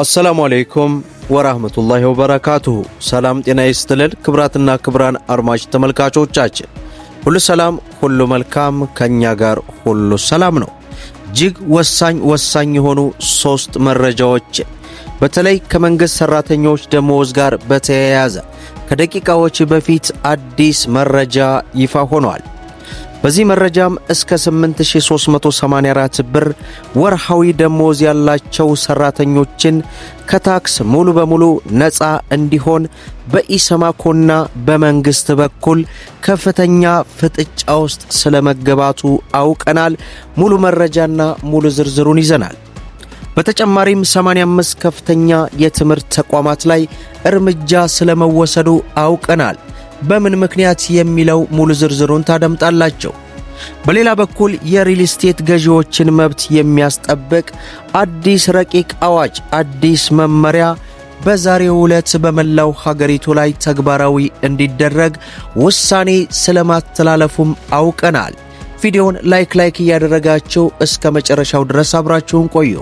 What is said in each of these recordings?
አሰላሙ አለይኩም ወራህመቱላሂ ወበረካቱሁ። ሰላም ጤና ይስጥልል ክብራትና ክብራን አድማጭ ተመልካቾቻችን ሁሉ ሰላም ሁሉ መልካም፣ ከኛ ጋር ሁሉ ሰላም ነው። እጅግ ወሳኝ ወሳኝ የሆኑ ሶስት መረጃዎች በተለይ ከመንግሥት ሠራተኞች ደሞዝ ጋር በተያያዘ ከደቂቃዎች በፊት አዲስ መረጃ ይፋ ሆኗል። በዚህ መረጃም እስከ 8384 ብር ወርሃዊ ደሞዝ ያላቸው ሰራተኞችን ከታክስ ሙሉ በሙሉ ነፃ እንዲሆን በኢሰማኮና በመንግስት በኩል ከፍተኛ ፍጥጫ ውስጥ ስለመገባቱ አውቀናል። ሙሉ መረጃና ሙሉ ዝርዝሩን ይዘናል። በተጨማሪም 85 ከፍተኛ የትምህርት ተቋማት ላይ እርምጃ ስለመወሰዱ አውቀናል። በምን ምክንያት የሚለው ሙሉ ዝርዝሩን ታደምጣላቸው። በሌላ በኩል የሪል ስቴት ገዢዎችን መብት የሚያስጠብቅ አዲስ ረቂቅ አዋጅ፣ አዲስ መመሪያ በዛሬው ዕለት በመላው ሀገሪቱ ላይ ተግባራዊ እንዲደረግ ውሳኔ ስለማተላለፉም አውቀናል። ቪዲዮውን ላይክ ላይክ እያደረጋችሁ እስከ መጨረሻው ድረስ አብራችሁን ቆዩ።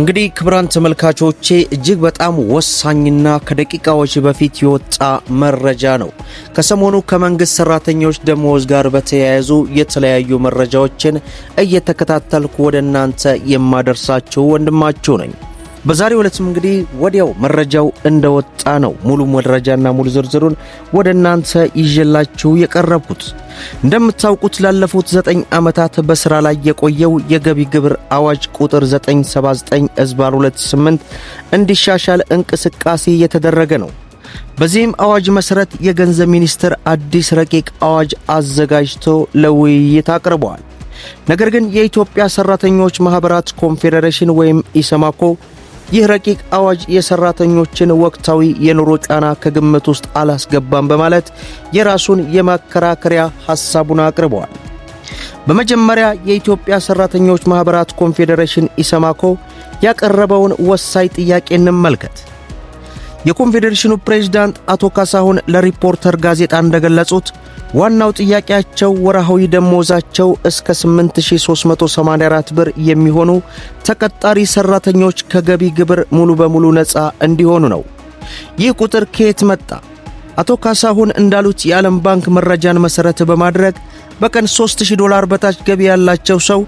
እንግዲህ ክቡራን ተመልካቾቼ እጅግ በጣም ወሳኝና ከደቂቃዎች በፊት የወጣ መረጃ ነው። ከሰሞኑ ከመንግስት ሰራተኞች ደሞዝ ጋር በተያያዙ የተለያዩ መረጃዎችን እየተከታተልኩ ወደ እናንተ የማደርሳችሁ ወንድማችሁ ነኝ። በዛሬው ዕለትም እንግዲህ ወዲያው መረጃው እንደወጣ ነው ሙሉ መረጃና ሙሉ ዝርዝሩን ወደ እናንተ ይዤላችሁ የቀረብኩት። እንደምታውቁት ላለፉት ዘጠኝ ዓመታት በስራ ላይ የቆየው የገቢ ግብር አዋጅ ቁጥር 979 እዝባር 28 እንዲሻሻል እንቅስቃሴ የተደረገ ነው። በዚህም አዋጅ መሠረት የገንዘብ ሚኒስቴር አዲስ ረቂቅ አዋጅ አዘጋጅቶ ለውይይት አቅርበዋል። ነገር ግን የኢትዮጵያ ሰራተኞች ማህበራት ኮንፌዴሬሽን ወይም ኢሰማኮ ይህ ረቂቅ አዋጅ የሰራተኞችን ወቅታዊ የኑሮ ጫና ከግምት ውስጥ አላስገባም በማለት የራሱን የማከራከሪያ ሐሳቡን አቅርበዋል። በመጀመሪያ የኢትዮጵያ ሰራተኞች ማኅበራት ኮንፌዴሬሽን ኢሰማኮ ያቀረበውን ወሳኝ ጥያቄ እንመልከት። የኮንፌዴሬሽኑ ፕሬዝዳንት አቶ ካሳሁን ለሪፖርተር ጋዜጣ እንደገለጹት ዋናው ጥያቄያቸው ወርሃዊ ደሞዛቸው እስከ 8384 ብር የሚሆኑ ተቀጣሪ ሰራተኞች ከገቢ ግብር ሙሉ በሙሉ ነፃ እንዲሆኑ ነው። ይህ ቁጥር ከየት መጣ? አቶ ካሳሁን እንዳሉት የዓለም ባንክ መረጃን መሠረት በማድረግ በቀን 3000 ዶላር በታች ገቢ ያላቸው ሰው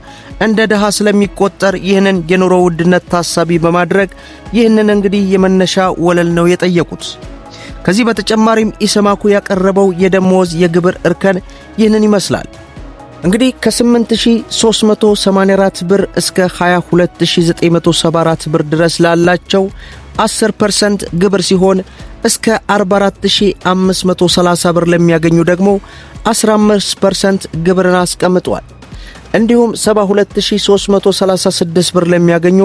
እንደ ድሃ ስለሚቆጠር ይህንን የኑሮ ውድነት ታሳቢ በማድረግ ይህንን እንግዲህ የመነሻ ወለል ነው የጠየቁት። ከዚህ በተጨማሪም ኢሰማኩ ያቀረበው የደሞዝ የግብር እርከን ይህንን ይመስላል። እንግዲህ ከ8384 ብር እስከ 22974 ብር ድረስ ላላቸው 10 ፐርሰንት ግብር ሲሆን እስከ 44530 ብር ለሚያገኙ ደግሞ 15 ፐርሰንት ግብርን አስቀምጧል። እንዲሁም 72336 ብር ለሚያገኙ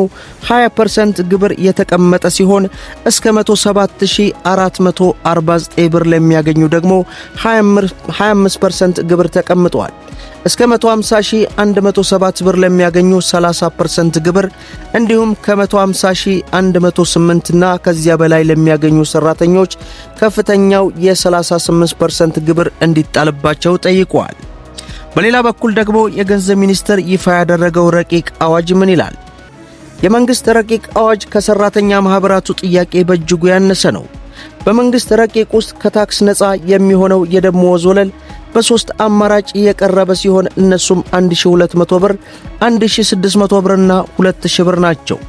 20 ፐርሰንት ግብር የተቀመጠ ሲሆን እስከ 17449 ብር ለሚያገኙ ደግሞ 25 ፐርሰንት ግብር ተቀምጧል። እስከ 150107 ብር ለሚያገኙ 30% ግብር እንዲሁም ከ150108 እና ከዚያ በላይ ለሚያገኙ ሰራተኞች ከፍተኛው የ38% ግብር እንዲጣልባቸው ጠይቋል። በሌላ በኩል ደግሞ የገንዘብ ሚኒስቴር ይፋ ያደረገው ረቂቅ አዋጅ ምን ይላል? የመንግሥት ረቂቅ አዋጅ ከሠራተኛ ማኅበራቱ ጥያቄ በእጅጉ ያነሰ ነው። በመንግሥት ረቂቅ ውስጥ ከታክስ ነፃ የሚሆነው የደሞዝ ወለል በሶስት አማራጭ የቀረበ ሲሆን እነሱም 1200 ብር፣ 1600 ብርና 2000 ብር ናቸው።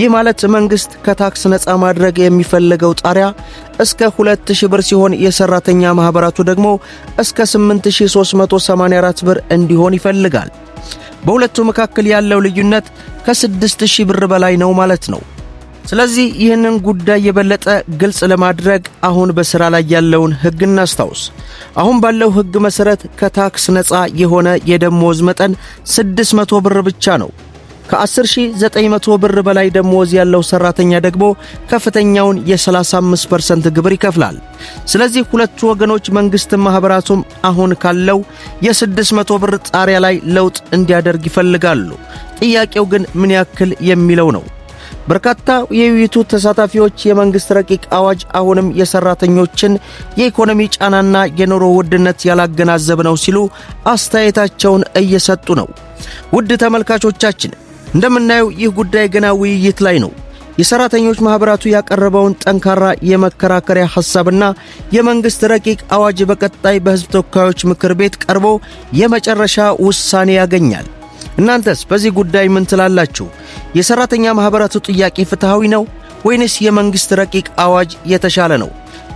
ይህ ማለት መንግስት ከታክስ ነፃ ማድረግ የሚፈልገው ጣሪያ እስከ 2000 ብር ሲሆን የሰራተኛ ማህበራቱ ደግሞ እስከ 8384 ብር እንዲሆን ይፈልጋል። በሁለቱ መካከል ያለው ልዩነት ከ6000 ብር በላይ ነው ማለት ነው። ስለዚህ ይህንን ጉዳይ የበለጠ ግልጽ ለማድረግ አሁን በሥራ ላይ ያለውን ሕግ እናስታውስ። አሁን ባለው ሕግ መሠረት ከታክስ ነፃ የሆነ የደሞዝ መጠን 600 ብር ብቻ ነው። ከ10900 ብር በላይ ደሞዝ ያለው ሠራተኛ ደግሞ ከፍተኛውን የ35% ግብር ይከፍላል። ስለዚህ ሁለቱ ወገኖች መንግሥትም ማኅበራቱም አሁን ካለው የ600 ብር ጣሪያ ላይ ለውጥ እንዲያደርግ ይፈልጋሉ። ጥያቄው ግን ምን ያክል የሚለው ነው። በርካታ የውይይቱ ተሳታፊዎች የመንግሥት ረቂቅ አዋጅ አሁንም የሠራተኞችን የኢኮኖሚ ጫናና የኑሮ ውድነት ያላገናዘብ ነው ሲሉ አስተያየታቸውን እየሰጡ ነው። ውድ ተመልካቾቻችን እንደምናየው ይህ ጉዳይ ገና ውይይት ላይ ነው። የሰራተኞች ማኅበራቱ ያቀረበውን ጠንካራ የመከራከሪያ ሐሳብና የመንግሥት ረቂቅ አዋጅ በቀጣይ በሕዝብ ተወካዮች ምክር ቤት ቀርቦ የመጨረሻ ውሳኔ ያገኛል። እናንተስ በዚህ ጉዳይ ምን ትላላችሁ? የሰራተኛ ማኅበራቱ ጥያቄ ፍትሐዊ ነው ወይንስ የመንግሥት ረቂቅ አዋጅ የተሻለ ነው?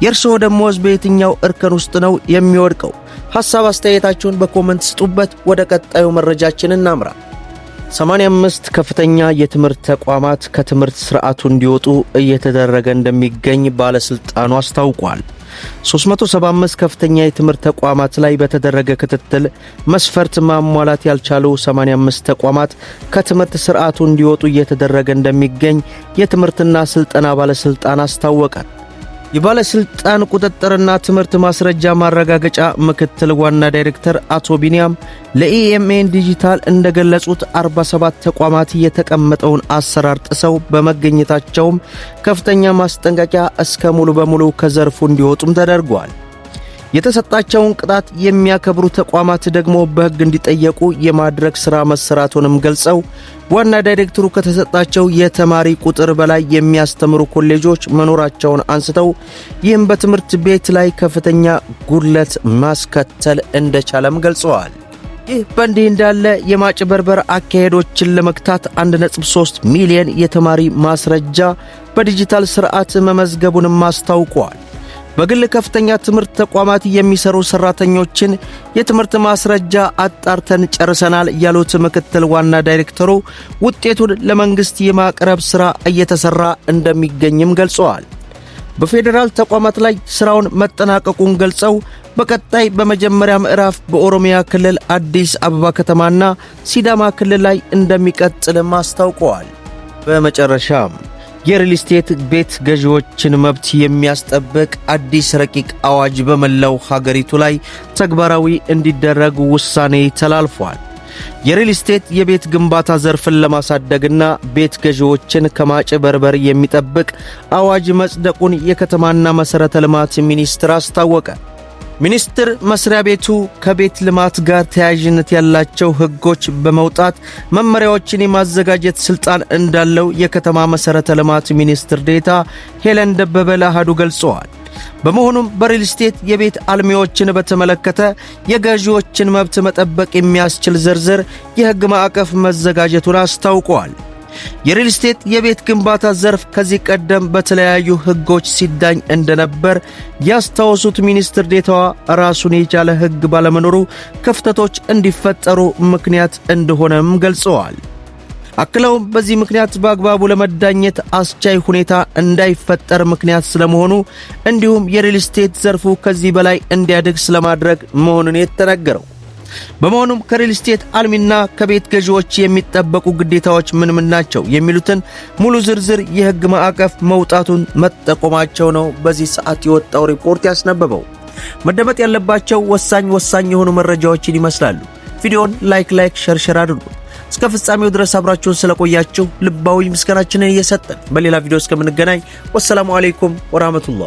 የእርስዎ ደሞዝ በየትኛው እርከን ውስጥ ነው የሚወድቀው? ሐሳብ አስተያየታችሁን በኮመንት ስጡበት። ወደ ቀጣዩ መረጃችን እናምራ። 85 ከፍተኛ የትምህርት ተቋማት ከትምህርት ሥርዓቱ እንዲወጡ እየተደረገ እንደሚገኝ ባለሥልጣኑ አስታውቋል። 375 ከፍተኛ የትምህርት ተቋማት ላይ በተደረገ ክትትል መስፈርት ማሟላት ያልቻሉ 85 ተቋማት ከትምህርት ስርዓቱ እንዲወጡ እየተደረገ እንደሚገኝ የትምህርትና ስልጠና ባለስልጣን አስታወቃል። የባለስልጣን ቁጥጥርና ትምህርት ማስረጃ ማረጋገጫ ምክትል ዋና ዳይሬክተር አቶ ቢንያም ለኢኤምኤን ዲጂታል እንደገለጹት 47 ተቋማት የተቀመጠውን አሰራር ጥሰው በመገኘታቸውም ከፍተኛ ማስጠንቀቂያ እስከ ሙሉ በሙሉ ከዘርፉ እንዲወጡም ተደርጓል። የተሰጣቸውን ቅጣት የሚያከብሩ ተቋማት ደግሞ በሕግ እንዲጠየቁ የማድረግ ሥራ መሰራቱንም ገልጸው ዋና ዳይሬክተሩ ከተሰጣቸው የተማሪ ቁጥር በላይ የሚያስተምሩ ኮሌጆች መኖራቸውን አንስተው ይህም በትምህርት ቤት ላይ ከፍተኛ ጉድለት ማስከተል እንደቻለም ገልጸዋል። ይህ በእንዲህ እንዳለ የማጭበርበር አካሄዶችን ለመግታት 1.3 ሚሊዮን የተማሪ ማስረጃ በዲጂታል ሥርዓት መመዝገቡንም አስታውቋል። በግል ከፍተኛ ትምህርት ተቋማት የሚሰሩ ሰራተኞችን የትምህርት ማስረጃ አጣርተን ጨርሰናል ያሉት ምክትል ዋና ዳይሬክተሩ ውጤቱን ለመንግሥት የማቅረብ ሥራ እየተሠራ እንደሚገኝም ገልጸዋል። በፌዴራል ተቋማት ላይ ሥራውን መጠናቀቁን ገልጸው በቀጣይ በመጀመሪያ ምዕራፍ በኦሮሚያ ክልል አዲስ አበባ ከተማና ሲዳማ ክልል ላይ እንደሚቀጥልም አስታውቀዋል። በመጨረሻም የሪል ስቴት ቤት ገዢዎችን መብት የሚያስጠብቅ አዲስ ረቂቅ አዋጅ በመላው ሀገሪቱ ላይ ተግባራዊ እንዲደረግ ውሳኔ ተላልፏል። የሪል ስቴት የቤት ግንባታ ዘርፍን ለማሳደግና ቤት ገዢዎችን ከማጭበርበር የሚጠብቅ አዋጅ መጽደቁን የከተማና መሠረተ ልማት ሚኒስቴር አስታወቀ። ሚኒስትር መስሪያ ቤቱ ከቤት ልማት ጋር ተያያዥነት ያላቸው ሕጎች በመውጣት መመሪያዎችን የማዘጋጀት ስልጣን እንዳለው የከተማ መሠረተ ልማት ሚኒስትር ዴታ ሄለን ደበበ ለአሃዱ ገልጸዋል። በመሆኑም በሪል ስቴት የቤት አልሚዎችን በተመለከተ የገዢዎችን መብት መጠበቅ የሚያስችል ዝርዝር የሕግ ማዕቀፍ መዘጋጀቱን አስታውቋል። የሪል ስቴት የቤት ግንባታ ዘርፍ ከዚህ ቀደም በተለያዩ ሕጎች ሲዳኝ እንደነበር ያስታወሱት ሚኒስትር ዴታዋ ራሱን የቻለ ሕግ ባለመኖሩ ክፍተቶች እንዲፈጠሩ ምክንያት እንደሆነም ገልጸዋል። አክለውም በዚህ ምክንያት በአግባቡ ለመዳኘት አስቻይ ሁኔታ እንዳይፈጠር ምክንያት ስለመሆኑ እንዲሁም የሪል ስቴት ዘርፉ ከዚህ በላይ እንዲያድግ ስለማድረግ መሆኑን የተነገረው በመሆኑም ከሪል ስቴት አልሚና ከቤት ገዢዎች የሚጠበቁ ግዴታዎች ምን ምን ናቸው የሚሉትን ሙሉ ዝርዝር የህግ ማዕቀፍ መውጣቱን መጠቆማቸው ነው በዚህ ሰዓት የወጣው ሪፖርት ያስነበበው። መደመጥ ያለባቸው ወሳኝ ወሳኝ የሆኑ መረጃዎችን ይመስላሉ። ቪዲዮን ላይክ ላይክ ሸርሸር አድርጉ። እስከ ፍጻሜው ድረስ አብራችሁን ስለቆያችሁ ልባዊ ምስጋናችንን እየሰጠን በሌላ ቪዲዮ እስከምንገናኝ ወሰላሙ አሌይኩም ወራህመቱላህ